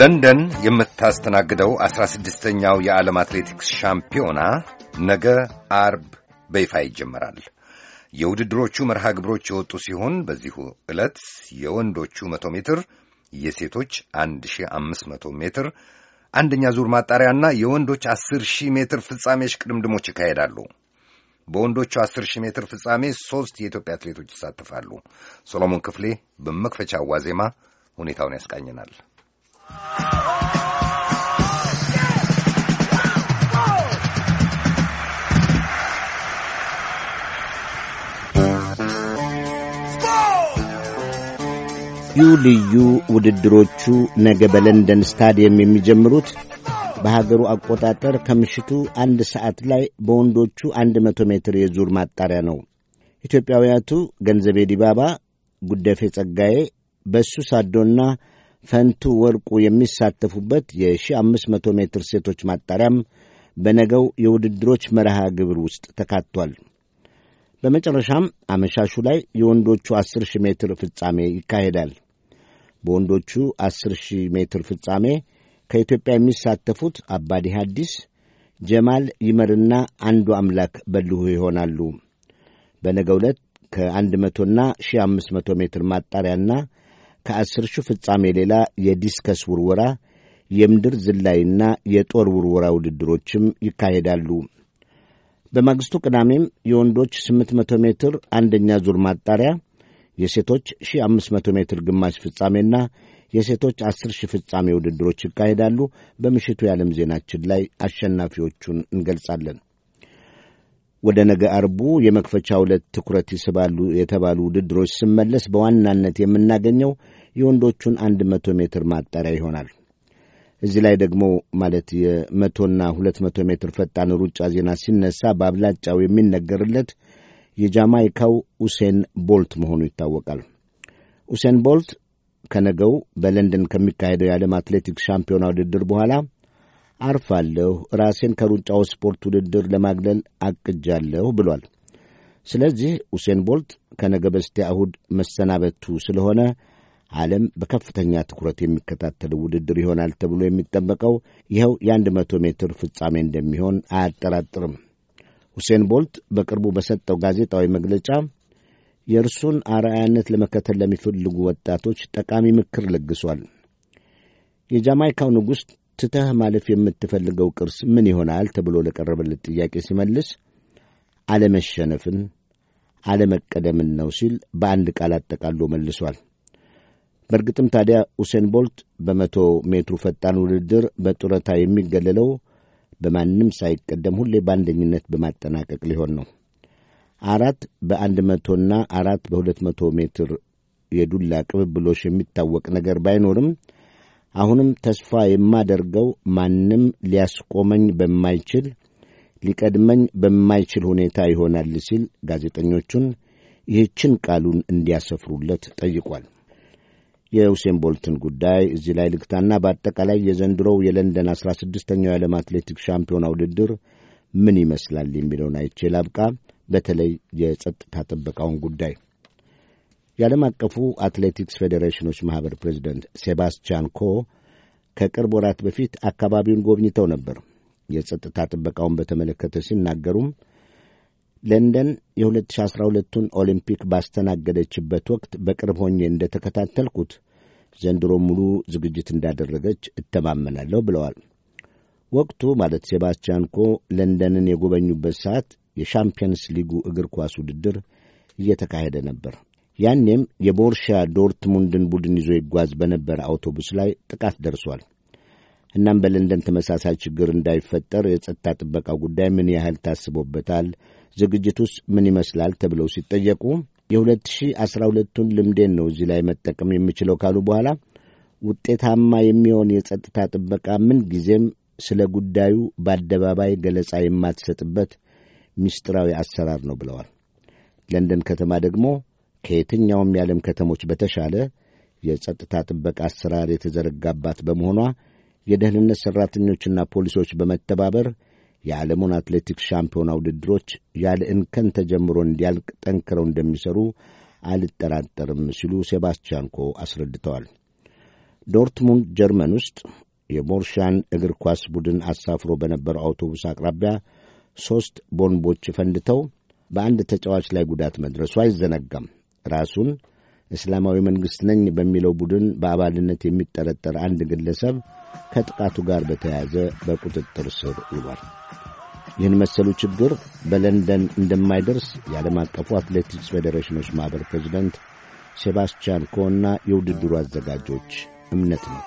ለንደን የምታስተናግደው 16ኛው የዓለም አትሌቲክስ ሻምፒዮና ነገ አርብ በይፋ ይጀመራል። የውድድሮቹ መርሃ ግብሮች የወጡ ሲሆን በዚሁ ዕለት የወንዶቹ 100 ሜትር፣ የሴቶች 1500 ሜትር አንደኛ ዙር ማጣሪያና የወንዶች 10000 ሜትር ፍጻሜ ሽቅድምድሞች ይካሄዳሉ። በወንዶቹ 10000 ሜትር ፍጻሜ ሦስት የኢትዮጵያ አትሌቶች ይሳተፋሉ። ሶሎሞን ክፍሌ በመክፈቻው ዋዜማ ሁኔታውን ያስቃኝናል። ልዩ ልዩ ውድድሮቹ ነገ በለንደን ስታዲየም የሚጀምሩት በሀገሩ አቆጣጠር ከምሽቱ አንድ ሰዓት ላይ በወንዶቹ አንድ መቶ ሜትር የዙር ማጣሪያ ነው። ኢትዮጵያውያቱ ገንዘቤ ዲባባ፣ ጉደፌ ጸጋዬ፣ በሱ ሳዶና ፈንቱ ወርቁ የሚሳተፉበት የ1500 ሜትር ሴቶች ማጣሪያም በነገው የውድድሮች መርሃ ግብር ውስጥ ተካቷል። በመጨረሻም አመሻሹ ላይ የወንዶቹ አስር ሺህ ሜትር ፍጻሜ ይካሄዳል። በወንዶቹ 10 ሺህ ሜትር ፍጻሜ ከኢትዮጵያ የሚሳተፉት አባዲ ሐዲስ፣ ጀማል ይመርና አንዱ አምላክ በልሁ ይሆናሉ። በነገ ዕለት ከአንድ መቶና ሺህ አምስት መቶ ሜትር ማጣሪያና ከአስር ሺህ ፍጻሜ ሌላ የዲስከስ ውርወራ፣ የምድር ዝላይና የጦር ውርወራ ውድድሮችም ይካሄዳሉ። በማግስቱ ቅዳሜም የወንዶች ስምንት መቶ ሜትር አንደኛ ዙር ማጣሪያ የሴቶች 1500 ሜትር ግማሽ ፍጻሜና የሴቶች 10 ሺህ ፍጻሜ ውድድሮች ይካሄዳሉ። በምሽቱ የዓለም ዜናችን ላይ አሸናፊዎቹን እንገልጻለን። ወደ ነገ አርቡ የመክፈቻ ሁለት ትኩረት ይስባሉ የተባሉ ውድድሮች ስመለስ በዋናነት የምናገኘው የወንዶቹን 100 ሜትር ማጣሪያ ይሆናል። እዚህ ላይ ደግሞ ማለት የመቶና ሁለት መቶ ሜትር ፈጣን ሩጫ ዜና ሲነሳ በአብላጫው የሚነገርለት የጃማይካው ኡሴን ቦልት መሆኑ ይታወቃል። ኡሴን ቦልት ከነገው በለንደን ከሚካሄደው የዓለም አትሌቲክስ ሻምፒዮና ውድድር በኋላ አርፋለሁ፣ ራሴን ከሩጫው ስፖርት ውድድር ለማግለል አቅጃለሁ ብሏል። ስለዚህ ኡሴን ቦልት ከነገ በስቲያ እሁድ መሰናበቱ ስለሆነ ዓለም በከፍተኛ ትኩረት የሚከታተል ውድድር ይሆናል ተብሎ የሚጠበቀው ይኸው የአንድ መቶ ሜትር ፍጻሜ እንደሚሆን አያጠራጥርም። ሁሴን ቦልት በቅርቡ በሰጠው ጋዜጣዊ መግለጫ የእርሱን አርአያነት ለመከተል ለሚፈልጉ ወጣቶች ጠቃሚ ምክር ለግሷል። የጃማይካው ንጉሥ ትተህ ማለፍ የምትፈልገው ቅርስ ምን ይሆናል ተብሎ ለቀረበለት ጥያቄ ሲመልስ አለመሸነፍን፣ አለመቀደምን ነው ሲል በአንድ ቃል አጠቃሎ መልሷል። በእርግጥም ታዲያ ሁሴን ቦልት በመቶ ሜትሩ ፈጣን ውድድር በጡረታ የሚገለለው በማንም ሳይቀደም ሁሌ በአንደኝነት በማጠናቀቅ ሊሆን ነው። አራት በአንድ መቶና አራት በሁለት መቶ ሜትር የዱላ ቅብብሎሽ የሚታወቅ ነገር ባይኖርም አሁንም ተስፋ የማደርገው ማንም ሊያስቆመኝ በማይችል ሊቀድመኝ በማይችል ሁኔታ ይሆናል ሲል ጋዜጠኞቹን ይህችን ቃሉን እንዲያሰፍሩለት ጠይቋል። የኡሴን ቦልትን ጉዳይ እዚህ ላይ ልግታና በአጠቃላይ የዘንድሮው የለንደን አስራ ስድስተኛው የዓለም አትሌቲክ ሻምፒዮና ውድድር ምን ይመስላል የሚለውን አይቼ ላብቃ። በተለይ የጸጥታ ጥበቃውን ጉዳይ የዓለም አቀፉ አትሌቲክስ ፌዴሬሽኖች ማኅበር ፕሬዚደንት ሴባስቲያን ኮ ከቅርብ ወራት በፊት አካባቢውን ጎብኝተው ነበር። የጸጥታ ጥበቃውን በተመለከተ ሲናገሩም ለንደን የ2012ቱን ኦሊምፒክ ባስተናገደችበት ወቅት በቅርብ ሆኜ እንደተከታተልኩት ዘንድሮ ሙሉ ዝግጅት እንዳደረገች እተማመናለሁ ብለዋል። ወቅቱ ማለት ሴባስቲያን ኮ ለንደንን የጎበኙበት ሰዓት የሻምፒየንስ ሊጉ እግር ኳስ ውድድር እየተካሄደ ነበር። ያኔም የቦርሻ ዶርትሙንድን ቡድን ይዞ ይጓዝ በነበረ አውቶቡስ ላይ ጥቃት ደርሷል። እናም በለንደን ተመሳሳይ ችግር እንዳይፈጠር የጸጥታ ጥበቃ ጉዳይ ምን ያህል ታስቦበታል፣ ዝግጅቱስ ምን ይመስላል ተብለው ሲጠየቁ የ2012ቱን ልምዴን ነው እዚህ ላይ መጠቀም የምችለው ካሉ በኋላ ውጤታማ የሚሆን የጸጥታ ጥበቃ ምን ጊዜም ስለ ጉዳዩ በአደባባይ ገለጻ የማትሰጥበት ምስጢራዊ አሰራር ነው ብለዋል። ለንደን ከተማ ደግሞ ከየትኛውም የዓለም ከተሞች በተሻለ የጸጥታ ጥበቃ አሰራር የተዘረጋባት በመሆኗ የደህንነት ሠራተኞችና ፖሊሶች በመተባበር የዓለሙን አትሌቲክስ ሻምፒዮና ውድድሮች ያለ እንከን ተጀምሮ እንዲያልቅ ጠንክረው እንደሚሠሩ አልጠራጠርም ሲሉ ሴባስቲያንኮ አስረድተዋል። ዶርትሙንድ ጀርመን ውስጥ የቦርሻን እግር ኳስ ቡድን አሳፍሮ በነበረው አውቶቡስ አቅራቢያ ሦስት ቦንቦች ፈንድተው በአንድ ተጫዋች ላይ ጉዳት መድረሱ አይዘነጋም። ራሱን እስላማዊ መንግሥት ነኝ በሚለው ቡድን በአባልነት የሚጠረጠር አንድ ግለሰብ ከጥቃቱ ጋር በተያያዘ በቁጥጥር ስር ውሏል። ይህን መሰሉ ችግር በለንደን እንደማይደርስ የዓለም አቀፉ አትሌቲክስ ፌዴሬሽኖች ማኅበር ፕሬዚዳንት ሴባስቲያን ኮና የውድድሩ አዘጋጆች እምነት ነው።